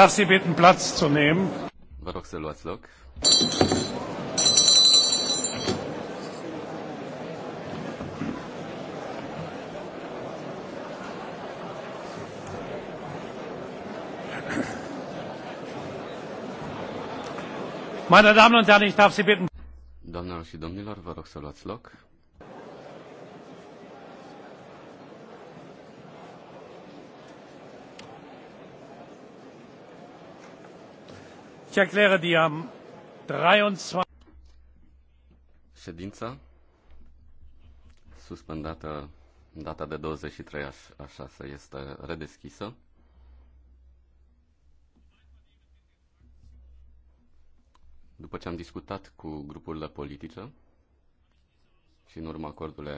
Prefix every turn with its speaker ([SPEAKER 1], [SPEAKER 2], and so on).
[SPEAKER 1] Darf Sie bitten, Platz zu nehmen?
[SPEAKER 2] Vă rog să luați loc.
[SPEAKER 3] Meine Damen und Herren, ich darf Sie bitten.
[SPEAKER 4] Doamnelor și domnilor, vă rog să luați loc.
[SPEAKER 5] Ich erkläre die am 23. Ședința
[SPEAKER 6] suspendată în data de 23 a, a 6 este redeschisă. După ce am discutat cu grupurile politice
[SPEAKER 7] și în urma acordului